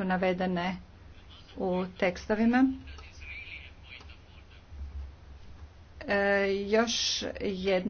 su navedene u tekstovima. E, još jedna